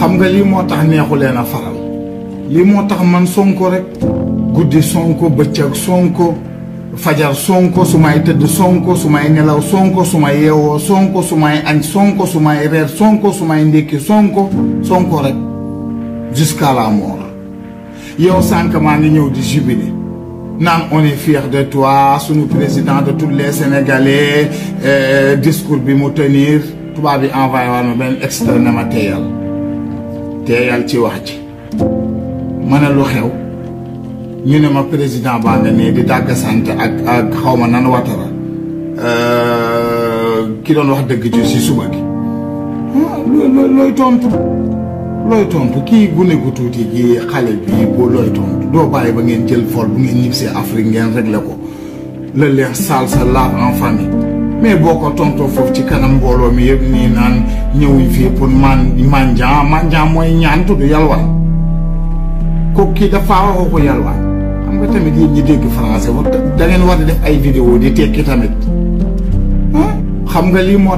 xam nga lii moo tax neexu leen a faral lii moo tax man sonko rek guddi sonko bëccëg sonko fajar sonko su may tëdd sonko su may nelaw sonko su may yeewoo sonko su may añ sonko su may reer sonko su may ndékki sonko sonko rek jusqu'à la mort yow sànq maa ngi ñëw di jubilé naan on est fier de toi suñu président de tous les sénégalais eh, discours bi mu tenir tubaab bi envoyé waat ma benn externe ma teeyal ci wax ji ma ne lu xew ñu ne ma président baa nga ne di dàgg sant ak ak xaw ma nan watara euh, ki doon wax dëgg ci suba gi ah, looy tontu looy tontu kii gune gu tuuti gi xale bi boo looy tontu doo bàyyi ba ngeen jël vol bu ngeen see Afrique ngeen réglé ko le leex sal sa la en famille mais boo ko tontoo foofu ci kanam mbooloo mi yëpp nii naan ñëwuñ fii pour man manjan manjan mooy ñaan tudd yalwaan ko kii dafa waxoo ko yalwaan xam nga tamit yéen ñi dégg français war da ngeen war di def ay vidéo di tekki tamit xam nga lii moo